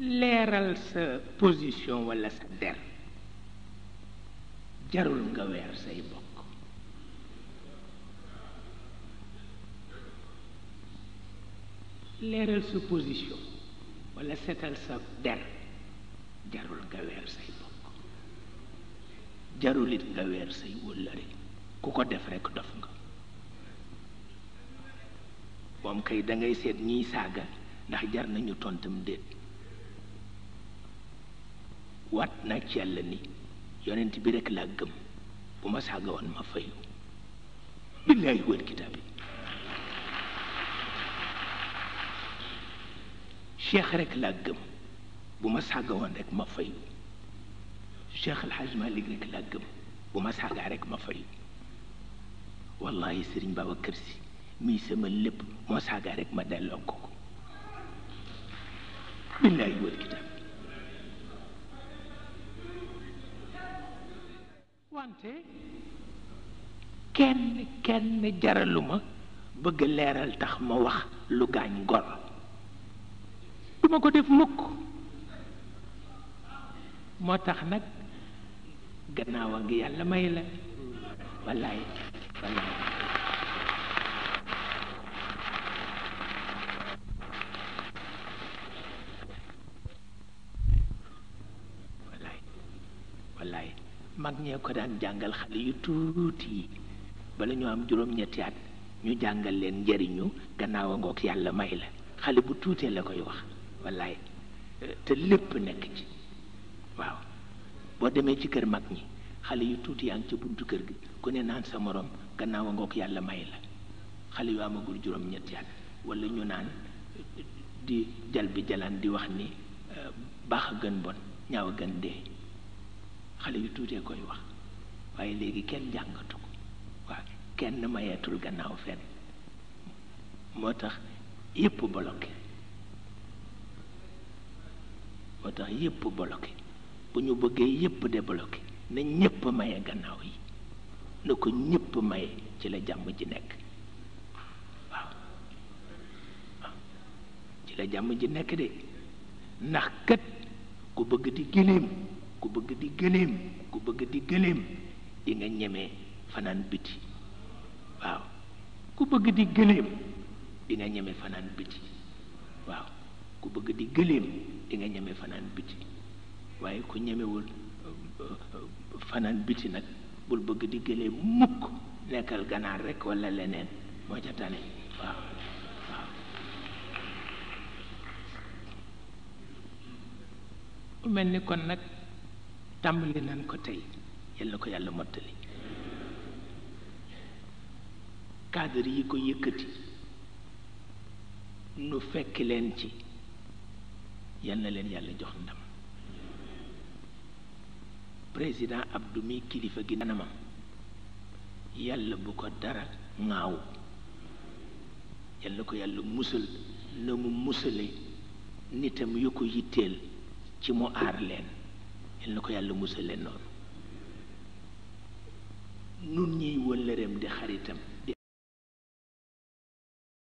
leeral sa position walla sa jarul nga weer sa walla setal sa der jarul nga weer say bokk jarulit nga weer say wóllëre ku ko def rekk dof nga moom kay dangay seet ñiy saaga ndax jar nañu tontam déet wat na ci yàlla ni yonent bi rek laa gëm bu ma saaga woon ma fayu billahi wal kitaab yi cheikh rek laa gëm bu ma saaga woon rek ma fayu cheikh alxaj malik rek laa gëm bu ma saagaa rek ma fayu wallahi sëriñ Babacar Si mii sama lépp moo saagaa rek ma delloo ko ko wal kitaab wante kenn kenn jaraluma bëgg leeral tax ma wax lu gaañ gor duma ko def mukk moo tax nag gannaaw a yàlla may la wallaay wallaay mag ñee ko daan jàngal xale yu tuuti yi bala ñoo am juróom-ñetti at ñu jàngal leen njariñu gannaaw a ngoog yàlla may la xale bu tuutee la koy wax wallaay te nekk ci waaw boo demee ci kër mag ñi xale yu tuuti yaa ngi ca buntu kër gi ku ne naan sa moroom gannaaw a ngoog yàlla may la xale yu amagul juróom-ñetti at wala ñu naan di jal bi jalaan di wax ni baax a gën bon ñaaw a gën dee xale yu tuutee koy wax waaye léegi kenn jàngatu ko waaw kenn mayeetul gannaaw fenn moo tax yépp bloqué moo tax yépp bloqué bu ñu bëggee yépp débloqué na ñépp maye gannaaw yi na ko ñépp maye ci la jàmm ji nekk waaw waaw ci la jàmm ji nekk de ndax kat ku bëgg di gileem ku bëgg di gëléem ku bëgg di gëléem di nga ñemee fanaan biti waaw ku bëgg di gëléem di nga ñemee fanaan biti bëgg di gëléem di nga ñemee fanaan waaye ku ñemewul euh, euh, fanaan biti nag bul bëgg di gëléem mukk nekkal ganaar rekk walla leneen moo ca waaw waaw mel ni kon nag tàmbali nañ ko tey yal ko yàlla mottali cadre yi ko yëkkati nu fekk leen ci yal leen yàlla jox ndam président Abdou mi kilifa gi nanamam yàlla bu ko dara ŋaaw yal ko yàlla musal na mu musale nitam yu ko yitteel ci mu aar leen yal na ko yàlla musal leen noonu nun ñiy wëllëreem di xaritam